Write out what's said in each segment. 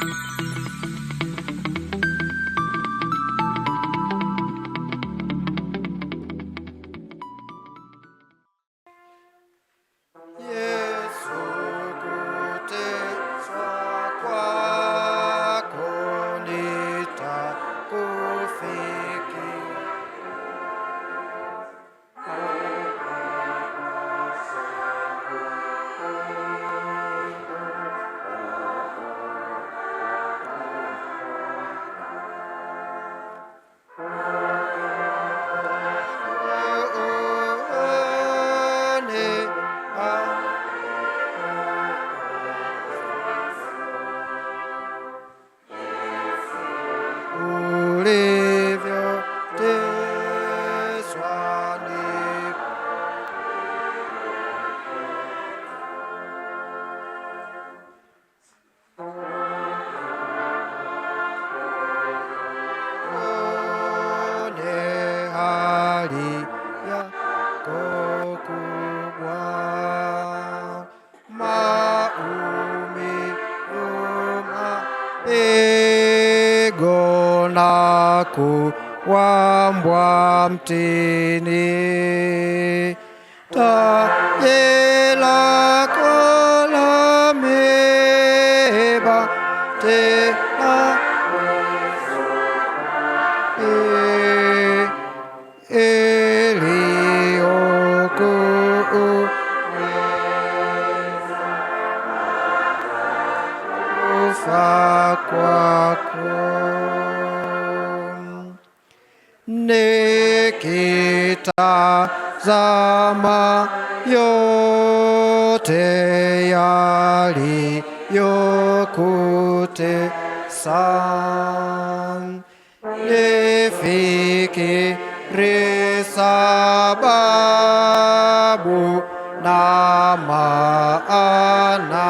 Thank you. wa mbwa mtini. Kita zama yote yali san efiki sababu na maana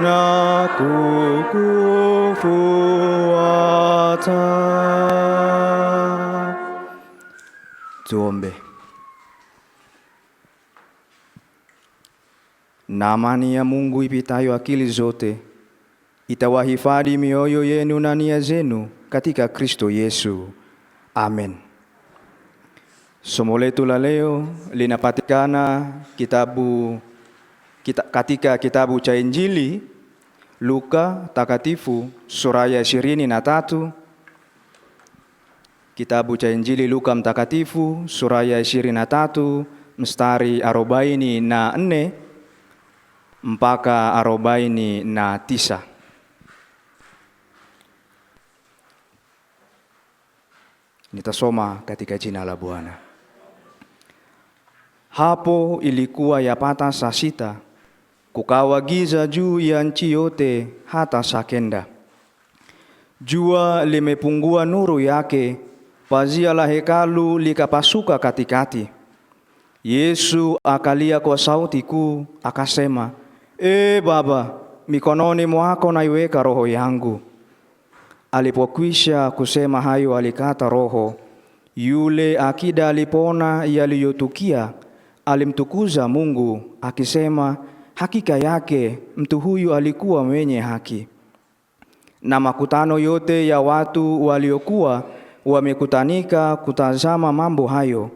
na kukufuata. Tuombe. Na amani ya Mungu ipitayo akili zote itawahifadhi mioyo yenu na nia zenu katika Kristo Yesu. Amen. Somo letu la leo linapatikana kitabu kita, ketika kita Injili Luka takatifu suraya sirini natatu. Kita baca kitabu Injili Luka mtakatifu Suraya ya na tatu mstari arobaini na nne mpaka arobaini na tisa. Nitasoma katika jina la Bwana. Hapo ilikuwa yapata sasita. kukawa giza juu ya nchi yote hata sakenda Jua limepungua nuru yake, pazia la hekalu likapasuka katikati. Yesu akalia kwa sauti kuu akasema, E Baba, mikononi mwako naiweka roho yangu. Alipokwisha kusema hayo, alikata roho. Yule akida alipona yaliyotukia, alimtukuza Mungu akisema Hakika yake mtu huyu alikuwa mwenye haki. Na makutano yote ya watu waliokuwa wamekutanika kutazama mambo hayo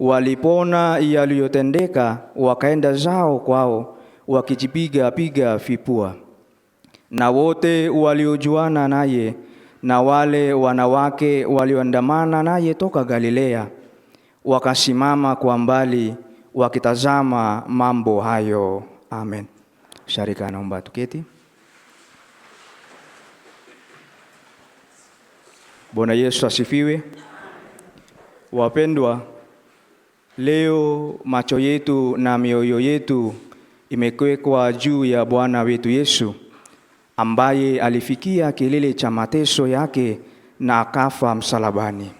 walipona yaliyotendeka, wakaenda zao kwao wakijipiga piga vipua Na wote waliojuana naye na wale wanawake walioandamana naye toka Galilea wakasimama kwa mbali wakitazama mambo hayo. Amen. Sharika anaomba tuketi. Bwana Yesu asifiwe. Wapendwa, leo macho yetu na mioyo yetu imekwekwa juu ya Bwana wetu Yesu ambaye alifikia kilele cha mateso yake na akafa msalabani.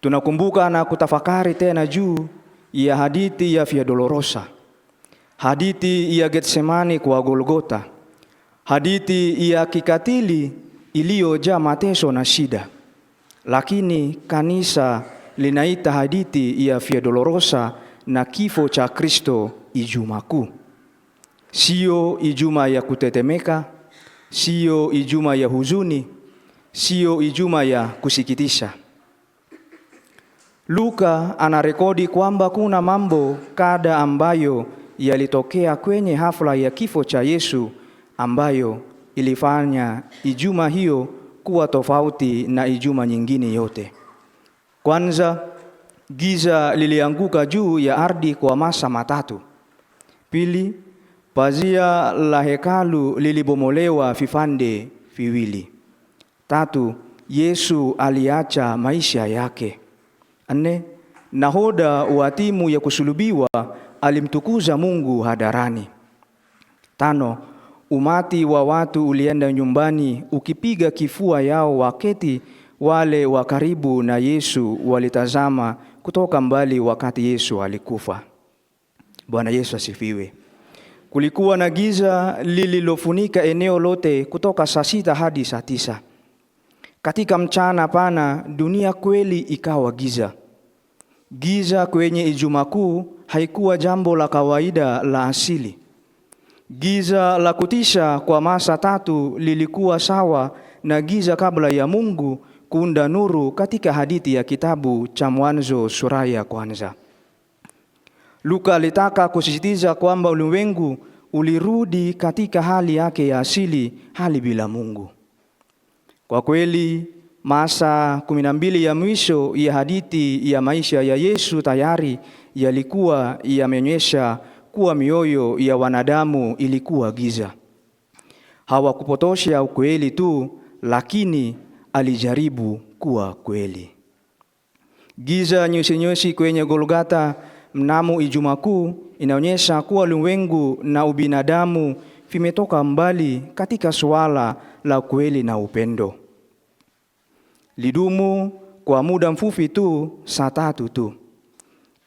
Tunakumbuka na kutafakari tena juu ya hadithi ya Via Dolorosa hadithi ya Getsemani kwa Golgota, hadithi ya kikatili iliyojaa mateso na shida, lakini kanisa linaita hadithi ya Via Dolorosa na kifo cha Kristo Ijumaa Kuu. Siyo Ijumaa ya kutetemeka, sio Ijumaa ya huzuni, sio Ijumaa ya kusikitisha. Luka anarekodi kwamba kuna mambo kadha ambayo yalitokea kwenye hafla ya kifo cha Yesu ambayo ilifanya ijuma hiyo kuwa tofauti na ijuma nyingine yote. Kwanza, giza lilianguka juu ya ardhi kwa masa matatu. Pili, pazia la hekalu lilibomolewa vipande viwili. Tatu, Yesu aliacha maisha yake. Nne, nahoda wa timu ya kusulubiwa alimtukuza Mungu hadharani. Tano, umati wa watu ulienda nyumbani ukipiga kifua yao, waketi wale wa karibu na Yesu walitazama kutoka mbali wakati Yesu alikufa. Bwana Yesu asifiwe. Kulikuwa na giza lililofunika eneo lote kutoka saa sita hadi saa tisa. Katika mchana pana dunia kweli ikawa giza. Giza kwenye Ijumaa Kuu haikuwa jambo la kawaida la asili. Giza la kutisha kwa masa tatu lilikuwa sawa na giza kabla ya Mungu kuunda nuru katika hadithi ya kitabu cha Mwanzo sura ya kwanza. Luka alitaka kusisitiza kwamba ulimwengu ulirudi katika hali yake ya asili, hali bila Mungu. Kwa kweli masa 12 ya mwisho ya hadithi ya maisha ya Yesu tayari yalikuwa yameonyesha kuwa mioyo ya wanadamu ilikuwa giza. Hawakupotosha ukweli tu, lakini alijaribu kuwa kweli. Giza nyeusi-nyeusi kwenye Golgata mnamo Ijumaa Kuu inaonyesha kuwa ulimwengu na ubinadamu vimetoka mbali katika suala la kweli na upendo. Lidumu kwa muda mfupi tu, saa tatu tu.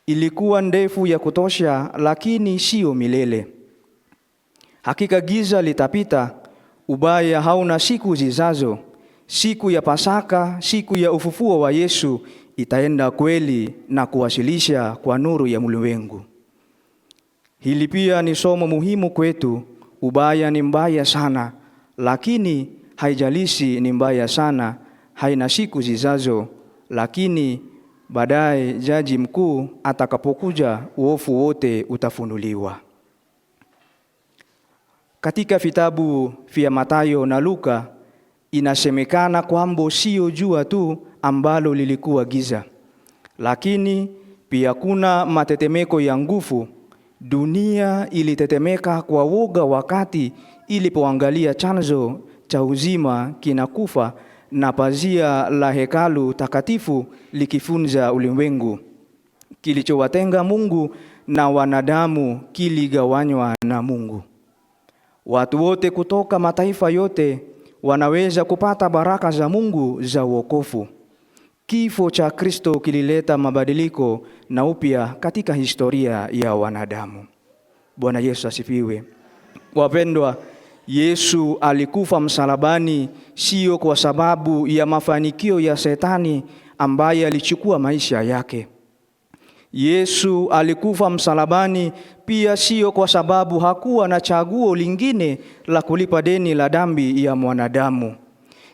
Ilikuwa ndefu ya kutosha, lakini sio milele. Hakika giza litapita, ubaya hauna siku zizazo Siku ya Pasaka, siku ya ufufuo wa Yesu itaenda kweli na kuwasilisha kwa nuru ya ulimwengu. Hili pia ni somo muhimu kwetu. Ubaya ni mbaya sana, lakini haijalishi ni mbaya sana haina siku zijazo, lakini baadaye jaji mkuu atakapokuja uofu wote utafunuliwa. Katika vitabu vya Mathayo na Luka inasemekana kwamba sio jua tu ambalo lilikuwa giza, lakini pia kuna matetemeko ya nguvu. Dunia ilitetemeka kwa woga wakati ilipoangalia chanzo cha uzima kinakufa na pazia la hekalu takatifu likifunza ulimwengu. Kilichowatenga Mungu na wanadamu kiligawanywa na Mungu. Watu wote kutoka mataifa yote wanaweza kupata baraka za Mungu za wokovu. Kifo cha Kristo kilileta mabadiliko na upya katika historia ya wanadamu. Bwana Yesu asifiwe. Wapendwa, Yesu alikufa msalabani sio kwa sababu ya mafanikio ya Shetani ambaye alichukua maisha yake. Yesu alikufa msalabani pia sio kwa sababu hakuwa na chaguo lingine la kulipa deni la dhambi ya mwanadamu.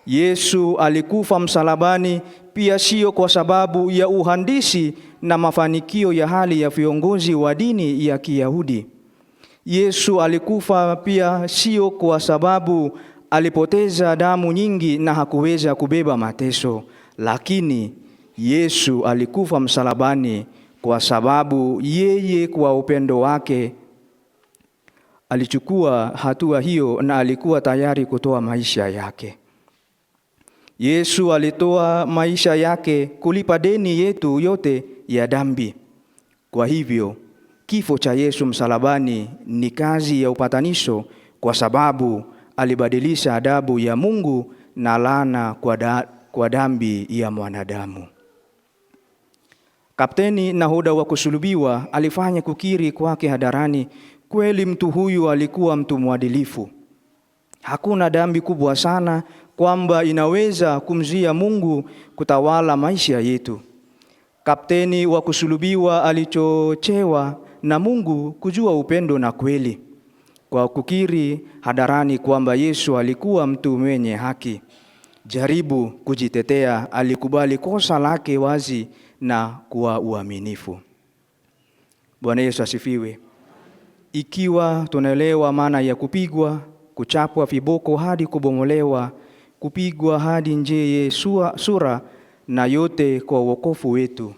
Yesu alikufa msalabani pia sio kwa sababu ya uhandisi na mafanikio ya hali ya viongozi wa dini ya Kiyahudi. Yesu alikufa pia sio kwa sababu alipoteza damu nyingi na hakuweza kubeba mateso, lakini Yesu alikufa msalabani kwa sababu yeye kwa upendo wake alichukua hatua hiyo na alikuwa tayari kutoa maisha yake. Yesu alitoa maisha yake kulipa deni yetu yote ya dhambi. Kwa hivyo Kifo cha Yesu msalabani ni kazi ya upatanisho, kwa sababu alibadilisha adabu ya Mungu na laana kwa, da, kwa dhambi ya mwanadamu. Kapteni nahoda wa kusulubiwa alifanya kukiri kwake hadharani, kweli mtu huyu alikuwa mtu mwadilifu. Hakuna dhambi kubwa sana kwamba inaweza kumzia Mungu kutawala maisha yetu. Kapteni wa kusulubiwa alichochewa na Mungu kujua upendo na kweli kwa kukiri hadharani kwamba Yesu alikuwa mtu mwenye haki. Jaribu kujitetea, alikubali kosa lake wazi na kuwa uaminifu. Bwana Yesu asifiwe. Ikiwa tunaelewa maana ya kupigwa, kuchapwa viboko hadi kubomolewa, kupigwa hadi nje ya sura na yote kwa wokovu wetu,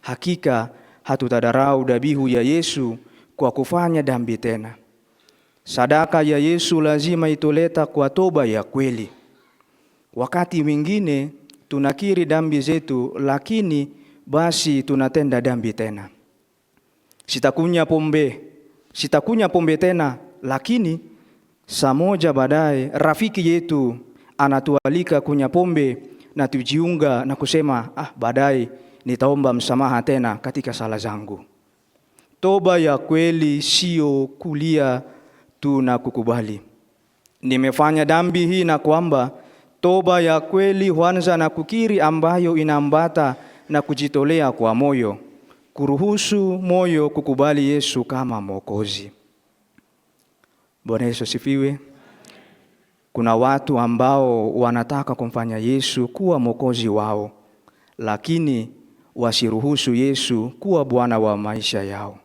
hakika hatutadharau dhabihu ya Yesu kwa kufanya dhambi tena. Sadaka ya Yesu lazima ituleta kwa toba ya kweli. Wakati mwingine tunakiri dhambi zetu, lakini basi tunatenda dhambi tena. Sitakunya pombe, sitakunya pombe tena, lakini saa moja baadaye rafiki yetu anatualika kunya pombe na tujiunga na kusema ah, baadaye nitaomba msamaha tena katika sala zangu. Toba ya kweli sio kulia tu na kukubali nimefanya dhambi hii, na kwamba toba ya kweli huanza na kukiri, ambayo inaambata na kujitolea kwa moyo, kuruhusu moyo kukubali Yesu kama Mwokozi. Bwana Yesu sifiwe. Kuna watu ambao wanataka kumfanya Yesu kuwa mwokozi wao, lakini wasiruhusu Yesu kuwa Bwana wa maisha yao.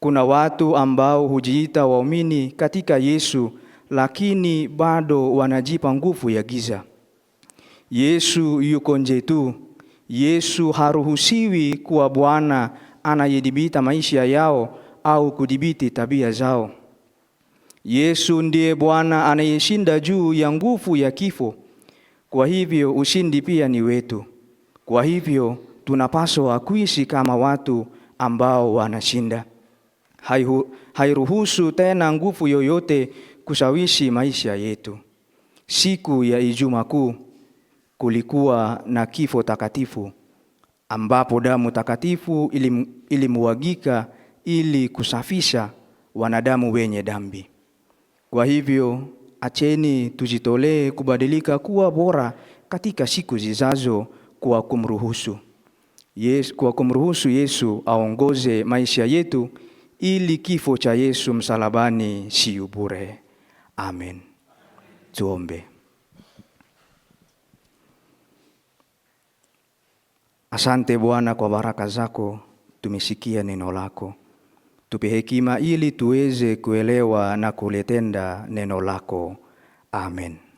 Kuna watu ambao hujiita waumini katika Yesu, lakini bado wanajipa nguvu ya giza. Yesu yuko nje tu. Yesu haruhusiwi kuwa Bwana anayedhibiti maisha yao au kudhibiti tabia zao. Yesu ndiye Bwana anayeshinda juu ya nguvu ya kifo. Kwa hivyo ushindi pia ni wetu. Kwa hivyo tunapaswa kuishi kama watu ambao wanashinda. Hairuhusu tena nguvu yoyote kushawishi maisha yetu. Siku ya Ijumaa Kuu kulikuwa na kifo takatifu ambapo damu takatifu ilimwagika ili kusafisha wanadamu wenye dhambi. Kwa hivyo acheni tujitolee kubadilika kuwa bora katika siku zijazo kwa kumruhusu Yesu, kwa kumruhusu Yesu aongoze maisha yetu ili kifo cha Yesu msalabani sio bure. Amen. Tuombe. Asante Bwana kwa baraka zako, tumesikia neno lako. Tupe hekima ili tuweze kuelewa na kulitenda neno lako. Amen.